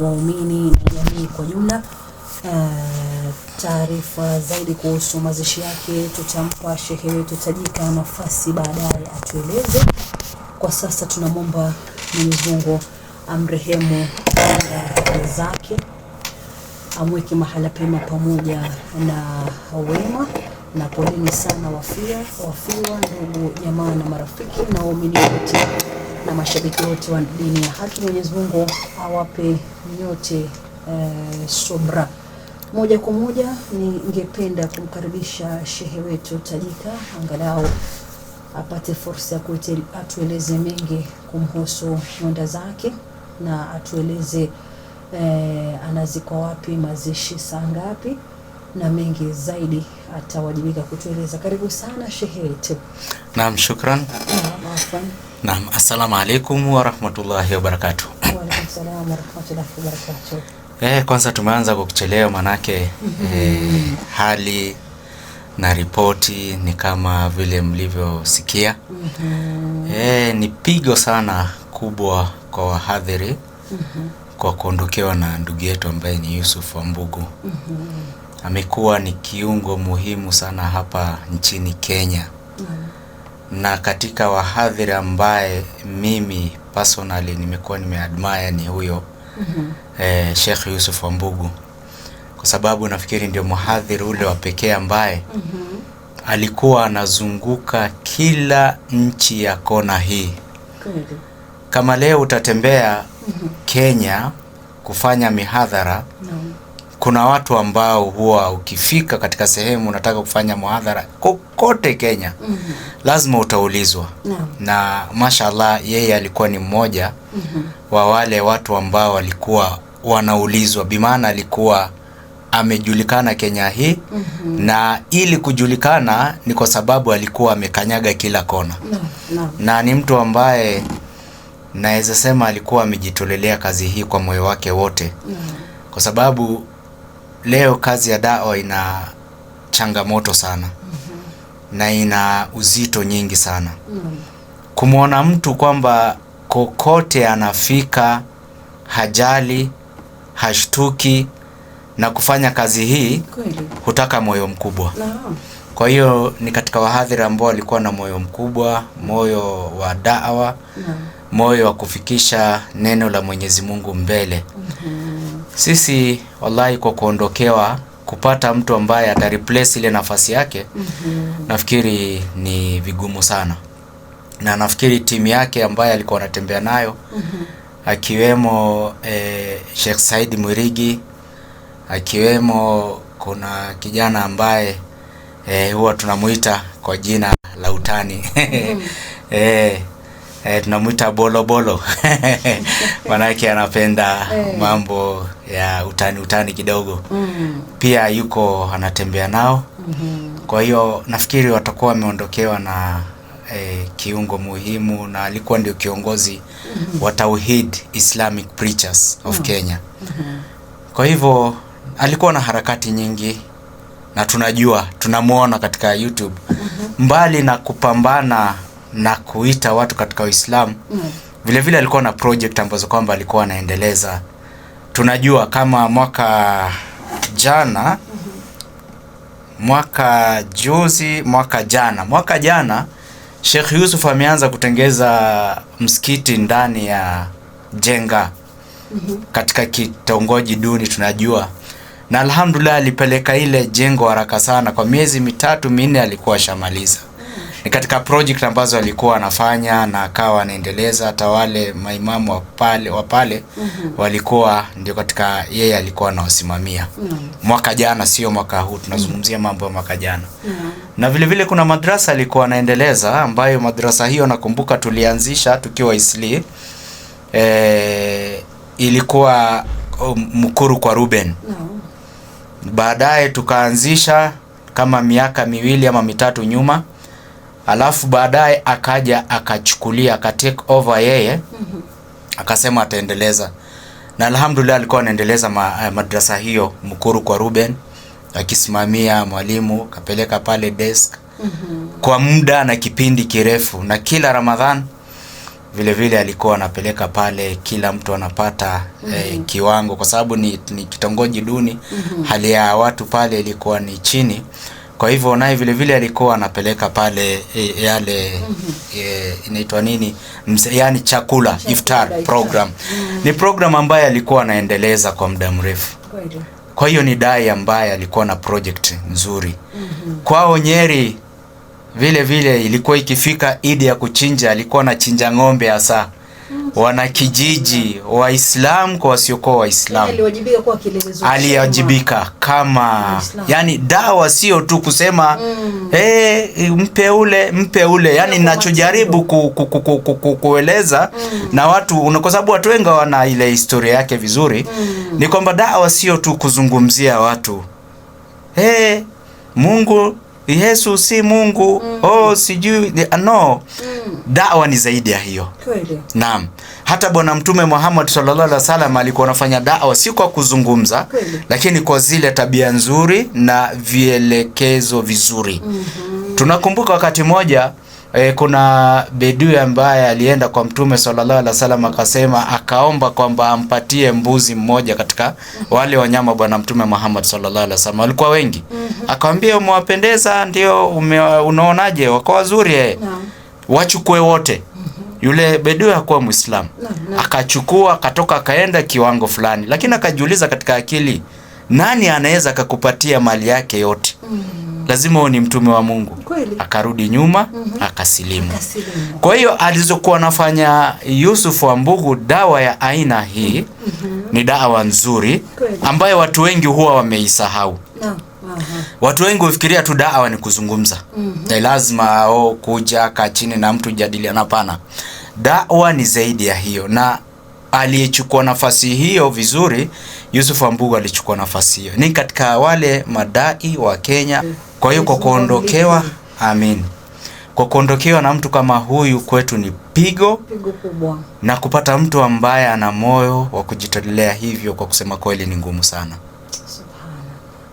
waumini na jamii kwa jumla. Uh, taarifa zaidi kuhusu mazishi yake tutampa shehe wetu tajika nafasi baadaye atueleze. Kwa sasa tunamwomba Mwenyezi Mungu amrehemu zake, amweke mahala pema pamoja na wema, na poleni sana wafia wafiwa, ndugu jamaa na marafiki na waumini wote na mashabiki wote wa dini ya haki. Mwenyezi Mungu awape nyote eh, sobra. Moja kwa moja ningependa kumkaribisha shehe wetu Tajika angalau apate fursa ya atueleze mengi kumhusu mwenda zake na atueleze eh, anazikwa wapi, mazishi saa ngapi na mengi zaidi atawajibika kutueleza. Karibu sana shehe wetu. Naam, shukran. Naam, Naam, assalamu alaikum warahmatullahi wabarakatu Eh, kwanza tumeanza kukuchelewa manake eh, hali na ripoti ni kama vile mlivyosikia mhm. eh, ni pigo sana kubwa kwa wahadhiri mhm. kwa kuondokewa na ndugu yetu ambaye ni Yusuf Wambugu mhm. amekuwa ni kiungo muhimu sana hapa nchini Kenya na katika wahadhiri ambaye mimi personally nimekuwa nimeadmire ni huyo mm -hmm. eh, Sheikh Yusuf Wambugu kwa sababu nafikiri ndio mhadhiri ule wa pekee ambaye mm -hmm. alikuwa anazunguka kila nchi ya kona hii Good. Kama leo utatembea mm -hmm. Kenya kufanya mihadhara no kuna watu ambao huwa ukifika katika sehemu unataka kufanya muhadhara kokote Kenya mm -hmm. lazima utaulizwa no. na mashallah, yeye alikuwa ni mmoja mm -hmm. wa wale watu ambao walikuwa wanaulizwa, bimaana alikuwa amejulikana Kenya hii mm -hmm. na ili kujulikana ni kwa sababu alikuwa amekanyaga kila kona no. No. na ni mtu ambaye naweza sema alikuwa amejitolelea kazi hii kwa moyo wake wote -hmm. kwa sababu leo kazi ya dawa ina changamoto sana mm -hmm. na ina uzito nyingi sana mm -hmm. kumwona mtu kwamba kokote anafika hajali hashtuki na kufanya kazi hii Kweli. hutaka moyo mkubwa no. Kwa hiyo ni katika wahadhiri ambao walikuwa na moyo mkubwa, moyo wa dawa no. moyo wa kufikisha neno la Mwenyezi Mungu mbele mm -hmm. Sisi wallahi, kwa kuondokewa, kupata mtu ambaye ata replace ile nafasi yake mm -hmm. nafikiri ni vigumu sana, na nafikiri timu yake ambaye alikuwa anatembea nayo mm -hmm. akiwemo eh, Sheikh Said Mwirigi akiwemo kuna kijana ambaye eh, huwa tunamuita kwa jina la utani mm -hmm. eh, eh, tunamwita bolobolo manake anapenda eh. mambo ya utani utani kidogo mm. Pia yuko anatembea nao mm -hmm. Kwa hiyo nafikiri watakuwa wameondokewa na eh, kiungo muhimu na alikuwa ndio kiongozi mm -hmm. wa Tauhid Islamic Preachers of mm -hmm. Kenya mm -hmm. Kwa hivyo alikuwa na harakati nyingi na tunajua tunamwona katika YouTube mm -hmm. mbali na kupambana na kuita watu katika Uislamu mm. Vile vile alikuwa na project ambazo kwamba alikuwa anaendeleza. Tunajua kama mwaka jana mm -hmm. mwaka juzi, mwaka jana, mwaka jana Sheikh Yusuf ameanza kutengeza msikiti ndani ya Jenga mm -hmm. katika kitongoji duni tunajua, na alhamdulillah alipeleka ile jengo haraka sana, kwa miezi mitatu minne alikuwa ashamaliza. Ni katika project ambazo alikuwa anafanya na akawa anaendeleza. Hata wale maimamu wa pale wa pale mm -hmm. walikuwa ndio katika yeye alikuwa anawasimamia mm -hmm. mwaka jana, sio mwaka huu, tunazungumzia mambo ya mwaka jana mm -hmm. na vilevile vile kuna madrasa alikuwa anaendeleza, ambayo madrasa hiyo nakumbuka tulianzisha tukiwa Isli e, ilikuwa mkuru um, kwa Ruben mm -hmm. baadaye tukaanzisha kama miaka miwili ama mitatu nyuma alafu baadaye akaja akachukulia aka take over yeye mhm. akasema ataendeleza na alhamdulillah alikuwa anaendeleza ma, eh, madrasa hiyo mkuru kwa Ruben akisimamia mwalimu kapeleka pale desk mm -hmm. kwa muda na kipindi kirefu, na kila Ramadhan vile vile alikuwa anapeleka pale, kila mtu anapata mm -hmm. eh, mhm. kiwango kwa sababu ni, ni kitongoji duni mm -hmm. hali ya watu pale ilikuwa ni chini. Kwa hivyo naye vile vile alikuwa anapeleka pale e, e yale mm -hmm. e, inaitwa nini Mse, yani chakula, chakula iftar, iftar program mm. Ni program ambayo alikuwa anaendeleza kwa muda mrefu. Kwa hiyo ni dai ambaye alikuwa na project nzuri mm -hmm. Kwao Nyeri vile vile ilikuwa ikifika idi ya kuchinja, alikuwa anachinja ng'ombe hasa Oh, wanakijiji waislam kwa wasiokuwa Waislam, yaani Aliwajibika kama yani, dawa sio tu kusema mm. hey, mpe ule mpe ule yani, nachojaribu ku, ku, ku, ku, ku, kueleza mm. na watu, kwa sababu watu wengi wana ile historia yake vizuri mm. ni kwamba dawa sio tu kuzungumzia watu hey, Mungu Yesu si Mungu mm. Oh, sijui no mm. Dawa ni zaidi ya hiyo. Naam, hata Bwana Mtume Muhammad sallallahu alaihi wasallam alikuwa anafanya dawa si kwa kuzungumza Kwele. Lakini kwa zile tabia nzuri na vielekezo vizuri mm -hmm. Tunakumbuka wakati mmoja E, kuna bedui ambaye alienda kwa Mtume sallallahu alaihi wasallam akasema, akaomba kwamba ampatie mbuzi mmoja katika wale wanyama bwana Mtume Muhammad sallallahu alaihi wasallam walikuwa wengi mm -hmm. Akamwambia, umewapendeza ndio, unaonaje? Wako wazuri eh, Wachukue wote mhm. yule bedui hakuwa Muislamu Akachukua akatoka akaenda kiwango fulani, lakini akajiuliza katika akili, nani anaweza akakupatia mali yake yote? mm lazima wewe ni mtume wa Mungu. Akarudi nyuma mm -hmm. Akasilimu. Akasilimu. Kwa hiyo alizokuwa anafanya wa Mbugu dawa ya aina hii mm -hmm. ni dawa nzuri kweli, ambayo watu wengi huwa wameisahau no. Watu wengi hufikiria tu dawa ni kuzungumza mm -hmm. lazima o, oh, kuja kaa chini na mtu jadiliana. Hapana, dawa ni zaidi ya hiyo, na aliyechukua nafasi hiyo vizuri, Yusuf Ambugu alichukua nafasi hiyo, ni katika wale madai wa Kenya mm -hmm. Kwa hiyo kwa kuondokewa, amin, kwa kuondokewa na mtu kama huyu kwetu ni pigo, pigo kubwa, na kupata mtu ambaye ana moyo wa kujitolea hivyo, kwa kusema kweli ni ngumu sana.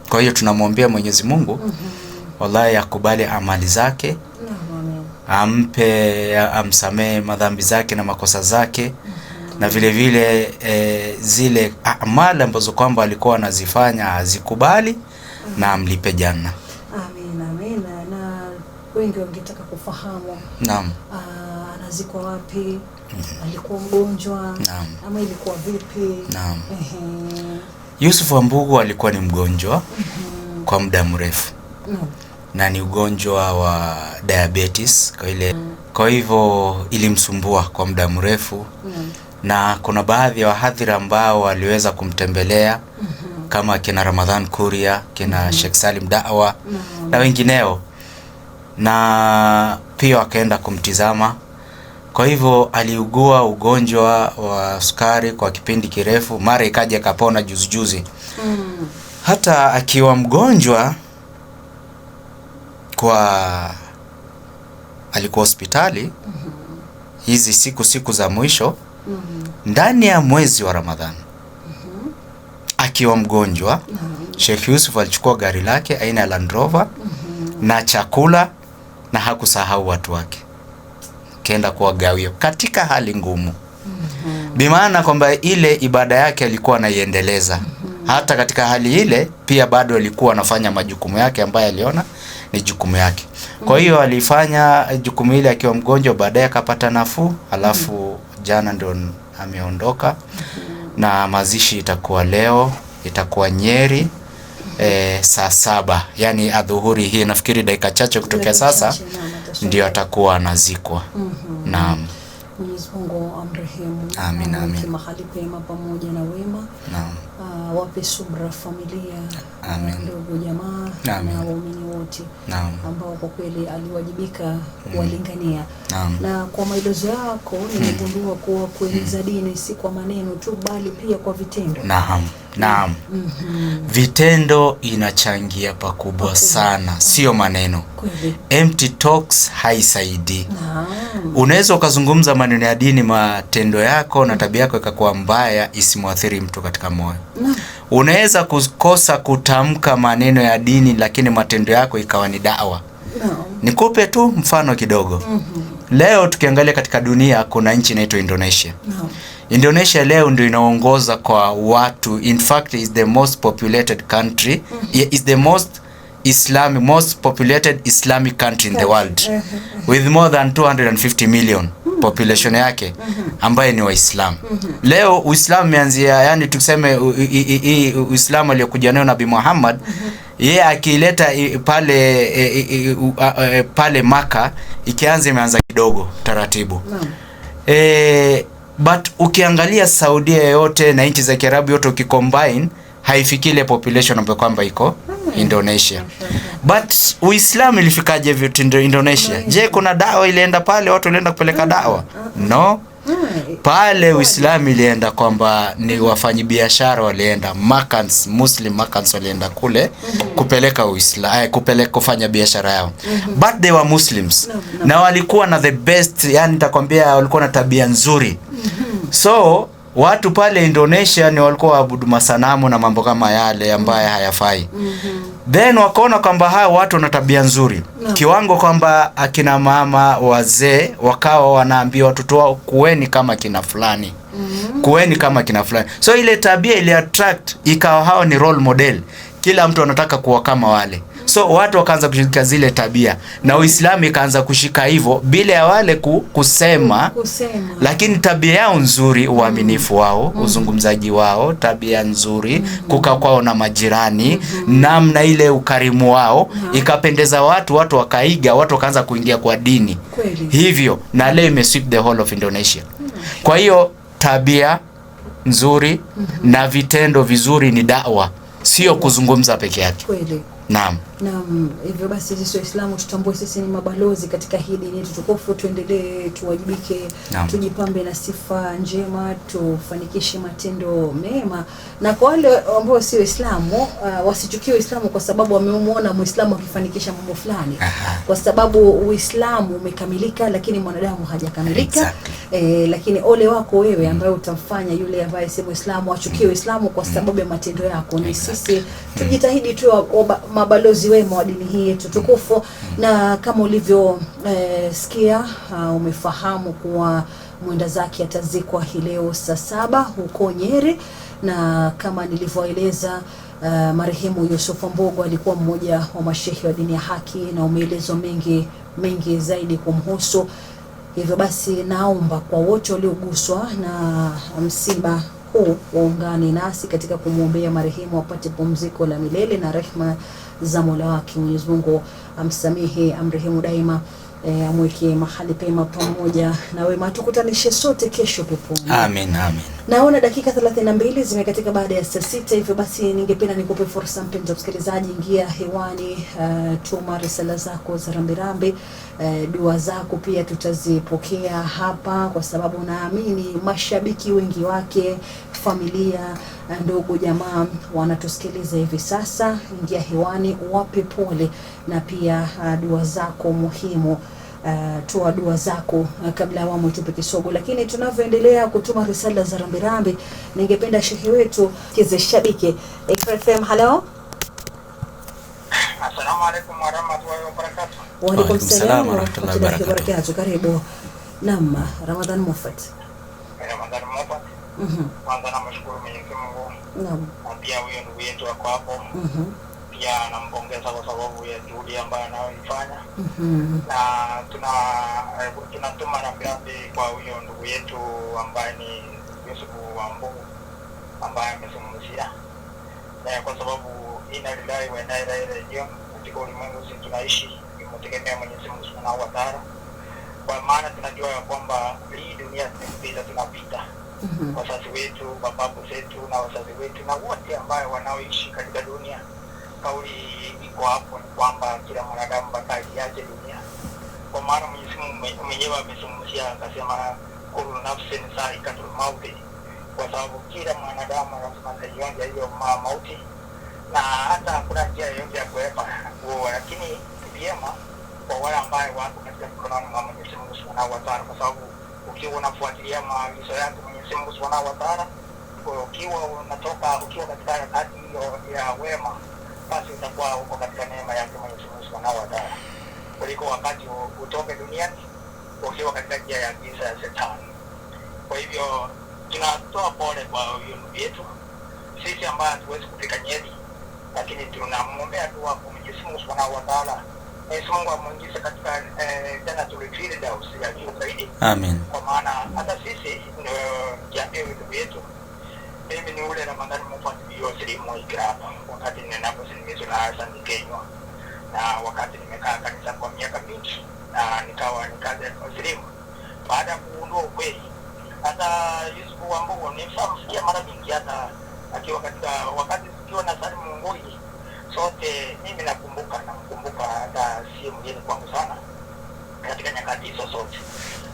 Kwa hiyo tunamwombea Mwenyezi Mungu mm -hmm. wallahi akubali amali zake ampe amsamehe madhambi zake na makosa zake mhm. na vile vile e, zile amali ambazo kwamba alikuwa anazifanya azikubali na amlipe janna wengi wangetaka kufahamu naam, ah, anazikwa wapi? mm alikuwa mgonjwa naam, ama ilikuwa vipi? Naam. Yusuf Wambugu alikuwa ni mgonjwa mm kwa muda mrefu na ni ugonjwa wa diabetes kwa ile mm kwa hivyo ilimsumbua kwa muda mrefu mm na kuna baadhi ya wa wahadhira ambao waliweza kumtembelea mm -hmm. kama kina Ramadhan Kuria, kina mm -hmm. Sheikh Salim Dawa mm -hmm. na wengineo na pia wakaenda kumtizama. Kwa hivyo aliugua ugonjwa wa sukari kwa kipindi kirefu, mara ikaja kapona juzi juzi. Mm. Hata akiwa mgonjwa kwa alikuwa hospitali mm -hmm. hizi siku siku za mwisho mm -hmm. ndani ya mwezi wa Ramadhani mm -hmm. akiwa mgonjwa mm -hmm. Sheikh Yusuf alichukua gari lake aina ya Land Rover mm -hmm. na chakula na hakusahau watu wake, kenda gawio katika hali ngumu mm -hmm. bimaana kwamba ile ibada yake alikuwa anaiendeleza mm -hmm. hata katika hali ile pia bado alikuwa anafanya majukumu yake ambayo aliona ni jukumu yake. Kwa hiyo mm-hmm. alifanya jukumu ile akiwa mgonjwa, baadaye akapata nafuu, alafu mm-hmm. jana ndo ameondoka, mm-hmm. na mazishi itakuwa leo, itakuwa Nyeri e, saa saba yani adhuhuri hii, nafikiri dakika chache kutokea sasa ndio atakuwa anazikwa. mm -hmm. Naam. Mwenyezi Mungu amrehemu. Amina, amina. Mahali pema pamoja na wema. Naam uh, wape subra familia, ndugu jamaa na waumini wote ambao kwa kweli aliwajibika mm. kuwalingania. mm. Na kwa maelezo yako mm. nimegundua kuwa mm. dini si kwa maneno tu, bali pia kwa vitendo. Naam. Naam. Mm -hmm. Vitendo inachangia pakubwa okay, sana sio maneno. Kweli. Empty talks haisaidi Naam. Unaweza ukazungumza maneno ya dini, matendo yako na tabia yako ikakuwa mbaya, isimwathiri mtu katika moyo. Unaweza kukosa kutamka maneno ya dini, lakini matendo yako ikawa ni dawa. Nikupe tu mfano kidogo. Mm-hmm. Leo tukiangalia katika dunia, kuna nchi inaitwa Indonesia. Indonesia leo ndio inaongoza kwa watu. In fact is the most populated country. Mm-hmm. Is the most Islamic, most populated Islamic country in the world mm-hmm. with more than 250 million population yake mm-hmm. ambaye ni Waislamu. Mm-hmm. Leo Uislamu umeanzia yani, tuseme hii Uislamu aliyokuja nayo Nabii Muhammad mm-hmm. yeye akileta pale e, e, pale Maka, ikianza imeanza kidogo taratibu e, but ukiangalia Saudia yote na nchi za Kiarabu yote ukikombine haifikile population ambayo kwamba iko Indonesia. But Uislamu ilifikaje vyote Indonesia? Je, kuna dawa ilienda pale, watu walienda kupeleka mm, dawa? Mm, mm. No. Pale Uislamu ilienda kwamba ni wafanyi biashara walienda Makans, Muslim Makans walienda kule mm-hmm. kupeleka Uislamu, eh, kupeleka kufanya biashara yao. Mm-hmm. But they were Muslims. Na walikuwa na the best, yani nitakwambia walikuwa na tabia nzuri. Mm-hmm. So watu pale Indonesia ni walikuwa waabudu masanamu na mambo kama yale ambaye hayafai. mm -hmm. Then wakaona kwamba hao watu wana tabia nzuri no. Kiwango kwamba akina mama wazee wakawa wanaambia watoto wao kuweni kama kina fulani mm -hmm. kuweni kama kina fulani, so ile tabia ili attract ikawa hao ni role model, kila mtu anataka kuwa kama wale So watu wakaanza kushika zile tabia na Uislamu ikaanza kushika hivyo bila ya wale kusema, kusema, lakini tabia yao nzuri, uaminifu mm. wao, mm. uzungumzaji wao, tabia nzuri, mm. kukaa kwao na majirani, namna ile ukarimu wao ikapendeza watu, watu wakaiga, watu wakaanza kuingia kwa dini hivyo, na leo imesweep the whole of Indonesia. Kwa hiyo tabia nzuri mm-hmm. na vitendo vizuri ni dawa, sio kuzungumza peke yake. Naam. Naam, hivyo basi sisi Waislamu tutambue sisi ni mabalozi katika hii dini yetu tukufu. Tuendelee, tuwajibike, tujipambe na sifa njema, tufanikishe matendo mema. Na kwa wale ambao si Waislamu uh, wasichukie Uislamu kwa sababu wamemuona Muislamu akifanikisha mambo fulani, kwa sababu Uislamu umekamilika, lakini mwanadamu hajakamilika. Exactly. Eh, lakini ole wako wewe ambaye utamfanya yule ambaye si Muislamu achukie Uislamu kwa mm. sababu ya matendo yako. Ni sisi tujitahidi tu mabalozi ikiwemo dini hii yetu tukufu Na kama ulivyosikia eh, uh, umefahamu kuwa mwenda zake atazikwa hii leo saa saba huko Nyeri, na kama nilivyoeleza uh, marehemu Yusufu Mbogo alikuwa mmoja wa mashehe wa dini ya haki na umeelezwa mengi mengi zaidi kumhusu. Hivyo basi naomba kwa wote walioguswa na msiba huu waungane nasi katika kumwombea marehemu apate pumziko la milele na rehma za Mola wake. Mwenyezi Mungu amsamehe, amrehemu daima E, amweke mahali pema pamoja na wema, tukutanishe sote kesho peponi. Amen, amen. Naona dakika 32 zimekatika baada ya saa sita, hivyo basi ningependa nikupe fursa mpenzi msikilizaji, ingia hewani, uh, tuma risala zako za rambirambi, uh, dua zako pia tutazipokea hapa, kwa sababu naamini mashabiki wengi wake familia ndugu jamaa wanatusikiliza hivi sasa, ingia hewani, wape pole na pia ah, dua zako muhimu. Uh, toa dua zako ah, kabla ya awamu itupe kisogo. Lakini tunavyoendelea kutuma risala za rambirambi, ningependa shehe wetu Kize shabiki FM. Hello, assalamu alaykum wa rahmatullahi wa barakatuh. Wa alaykum salaam wa rahmatullahi wa barakatuh. Karibu. Naam, Ramadan Mufat. Kwanza namshukuru Mwenyezi Mungu na pia huyo ndugu yetu ako hapo, mhm. pia anampongeza kwa sababu ya juhudi ambayo anayoifanya, mhm. na tuna tunatuma rambirambi kwa huyo ndugu yetu ambaye ni Yusufu wa Mbugu ambaye amezungumzia, kwa sababu inna lillahi wa Katika ulimwengu si tunaishi kumtegemea Mwenyezi Mungu Subhanahu wa Ta'ala, kwa maana tunajua ya kwamba hii dunia tunapita tunapita -hmm. wazazi wetu, mababu zetu na wazazi wetu na wote ambayo wanaoishi katika dunia. Kauli iko hapo ni kwamba kila mwanadamu bakaliaje dunia, kwa maana Mwenyezi Mungu mwenyewe amezungumzia akasema, kullu nafsin zaikatul mauti, kwa sababu kila mwanadamu lazima ataionja hiyo mauti, na hata hakuna njia yoyote ya kuepa kuoa, lakini vyema kwa wale ambayo wako katika mikononi mwa Mwenyezi Mungu subhanahu wa taala, kwa sababu ukiwa unafuatilia maagizo yake Mwenyezi Mungu Subhanahu wa Ukiwa unatoka ukiwa katika hali hiyo ya wema, basi utakuwa uko katika neema yake Mwenyezi Mungu Subhanahu wa kuliko wakati utoke duniani ukiwa katika njia ya giza ya Shetani. Kwa hivyo tunatoa pole kwa ndugu yetu sisi ambayo hatuwezi kufika Nyeri, lakini tunamwombea dua kwa Mwenyezimungu Subhanahu wa Ta'ala Mwenyezi Mungu amuingize katika eh, Jannatul Firdaus ya juu zaidi. Amen. Kwa maana hata sisi eh, ndio japewe ndugu yetu. Mimi ni ule Ramadhani Mufwatiliwa Silimuigra hapa wakati ninaposimamizwa na Hassan Kenywa na wakati nimekaa kanisa kwa miaka mingi na nikawa nikaja kusilimu baada ya kugundua ukweli. Hata Yusuf Wambugu nimeshamsikia mara nyingi, hata akiwa katika wakati tukiwa na Salim Ngoi sote, mimi nakumbuka, namkumbuka hata si mgeni kwangu sana katika nyakati hizo sote.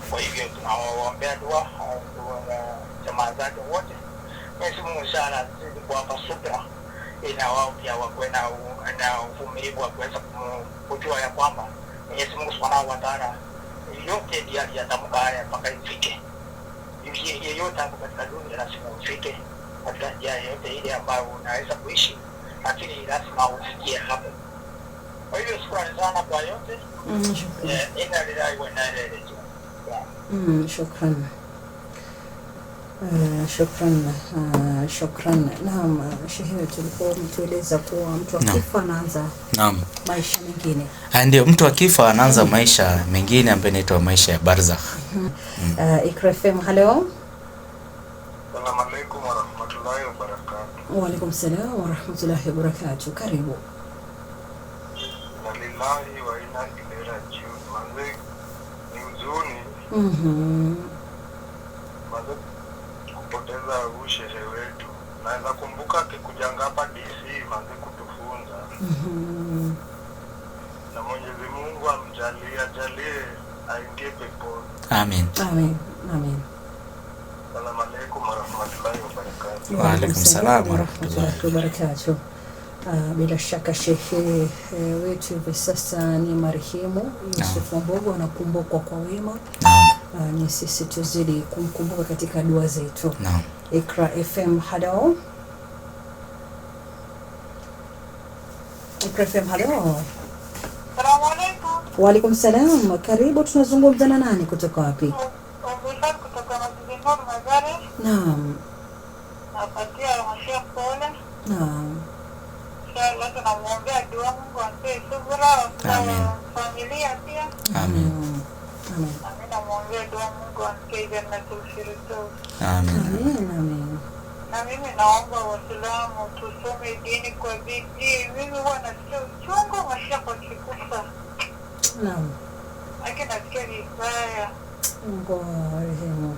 Kwa hivyo tunawaombea dua jamaa zake wote. mwenyezimungu sana zidi kuwapa subra ina wao pia wakuwe na uvumilivu wa kuweza kujua ya kwamba Mwenyezi Mungu subhanahu wa taala yote ndiye aliyatamka haya mpaka ifike. Yeyote ako katika dunia lazima ufike katika njia yeyote ile ambayo unaweza kuishi lakini lazima hapo. Kwa shukrani sana kwa yote. Mm, shukran uh, shukran. Naam, shehe, tulikuwa mtueleza kuwa mtu akifa anaanza naam maisha mengine. Ah, ndio, mtu akifa anaanza maisha mengine ambayo inaitwa maisha ya barzakh. Uh, FM, hello. Waalaikum salam warahmatullahi wabarakatuh. Karibu. Mm -hmm. Kupoteza huu shehe wetu, naweza kumbuka akikujanga hapa DC manzi kutufunza mhm. Na Mwenyezi Mungu amjalie ajalie aingie peponi. Amen. Amen. Amen. Waalaikum warahmatullahi ah, Bila shaka shehe eh, wetu hivi sasa ni marehemu Yusuf Wambugu anakumbukwa kwa wema ah, ni sisi tuzidi kumkumbuka katika dua zetu. Iqra FM halo. Iqra FM halo. Waalaikum salam, karibu. Tunazungumza na nani kutoka wapi? Naam. Napatia Halmashauri Kole. Naam. Inshallah tunamwombea dua Mungu ampe subira Amen. Familia pia. Amen. Amen. Namwombea dua Mungu ampe jannatul firdaus. Amen. Amen. Amen. Na mimi naomba Waislamu tusome dini kwa bidii. Mimi huwa nasikia uchungu Mashiha wakikufa. Naam. Lakini nasikia vibaya. Mungu awarehemu.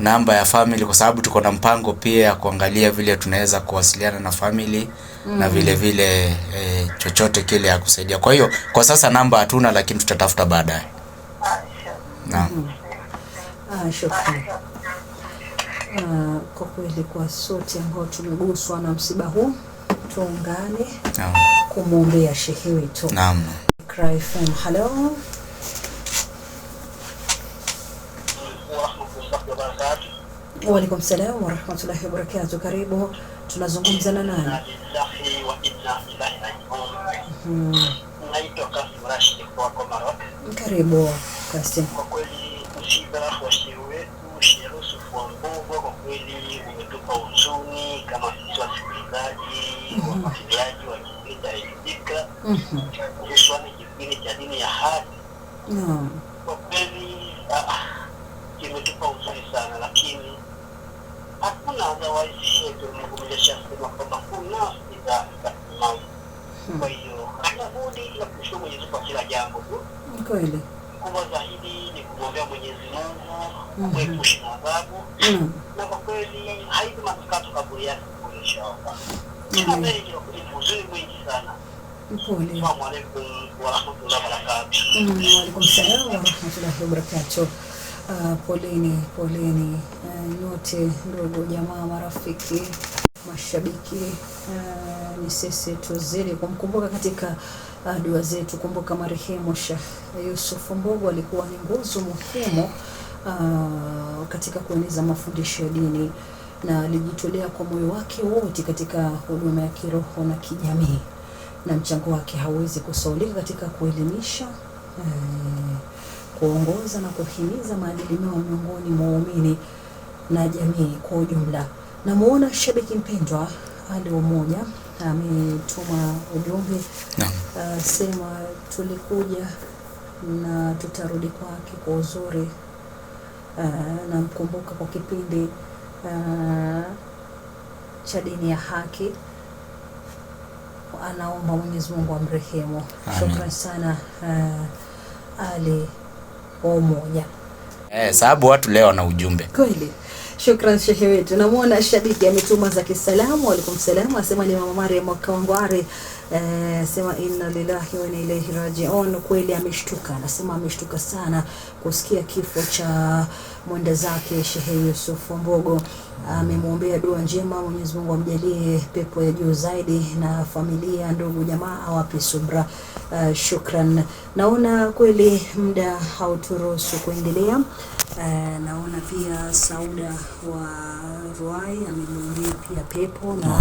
namba ya family kwa sababu tuko na mpango pia ya kuangalia vile tunaweza kuwasiliana na family mm. na vile vile e, chochote kile ya kusaidia. Kwa hiyo kwa sasa namba hatuna, lakini tutatafuta baadaye. Naam. Mm. Ah, shukrani. Ah, kwa kweli kwa sote ambao tumeguswa na msiba huu tuungane kumwombea shehe wetu. Naam. Cry FM. Hello. Waalaikum salam warahmatullahi wabarakatuh. Karibu, tunazungumza na nani? Naitwa Kasim Rashid kwa Komaro. Karibu Kasim. Kwa kweli msiba wa shehe wetu Shehe Yusuf wa Mbogo kwa kweli umetupa huzuni kama sisi wasikilizaji, mm-hmm. wafuatiliaji wa kipindi cha Itika, mm-hmm. hususan kipindi cha dini ya haki. Naam. Kwa hiyo hana budi na kumshukuru Mwenyezi Mungu kwa kila jambo tu. Kweli. Kubwa zaidi ni kumwombea Mwenyezi Mungu kuepusha na adhabu. Na kwa kweli haipo manukato kaburi yake kuonyesha hapa. Kila mbele uzuri mwingi sana. Poleni, poleni nyote ndugu jamaa, marafiki mashabiki uh, eh, ni sisi tuzidi kumkumbuka katika uh, dua zetu. Kumbuka marehemu Sheikh Yusuf Mbogo alikuwa ni nguzo muhimu uh, katika kueneza mafundisho ya dini na alijitolea kwa moyo wake wote katika huduma ya kiroho na kijamii, na mchango wake hauwezi kusaulika katika kuelimisha uh, kuongoza na kuhimiza maadili mema miongoni mwa waumini na jamii kwa ujumla. Namuona shabiki mpendwa Ali Umoja ametuma ujumbe uh, sema tulikuja na tutarudi kwake kwa uzuri. Uh, namkumbuka kwa kipindi uh, cha dini ya haki, anaomba Mwenyezi Mungu amrehemu. Shukrani sana uh, Ali wa Umoja eh, sababu watu leo wana ujumbe kweli. Shukran shehe wetu. Namwona shabiki ametuma za kisalamu, waalaikum salamu, asema ni mama Mariam Kawangware eh, asema ina inna lillahi wa inna ilaihi rajiun. Kweli ameshtuka, anasema ameshtuka sana kusikia kifo cha mwenda zake shehe Yusuf Mbogo. Amemwombea dua njema, Mwenyezi Mungu amjalie pepo ya juu zaidi, na familia, ndugu, jamaa awape subra. Uh, shukran. Naona kweli muda hauturuhusu kuendelea. Eh, naona pia Sauda wa Ruai amemwombea pia pepo na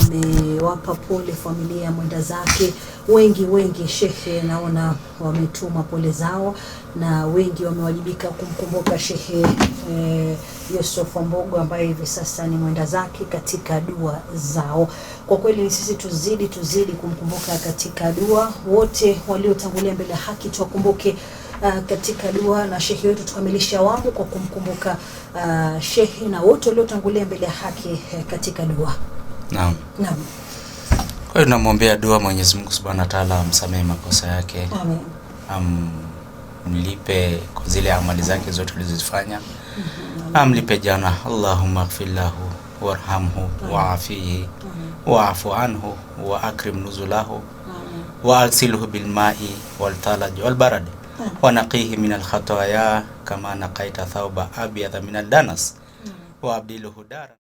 amewapa pole familia ya mwenda zake. Wengi wengi shehe, naona wametuma pole zao na wengi wamewajibika kumkumbuka shehe eh, Yusuf Mbogo ambaye hivi sasa ni mwenda zake katika dua zao. Kwa kweli sisi tuzidi tuzidi kumkumbuka katika dua, wote waliotangulia mbele haki tuwakumbuke uh, katika dua na shehe wetu tukamilisha awamu kwa kumkumbuka uh, shehe na wote waliotangulia mbele ya haki uh, katika dua. Naam. Naam. Kwa hiyo tunamwombea dua Mwenyezi Mungu Subhanahu wa Ta'ala amsamehe makosa yake. Amen. Am, mlipe kwa zile amali zake zote ulizozifanya. Mm-hmm. Amlipe jana. Allahumma ighfir lahu warhamhu waafihi waafu anhu wa akrim nuzulahu wa bilmai walthalaj walbarad wa naqihi min alkhataya kama naqaita thauba abyadha min aldanas wa abdiluhu dara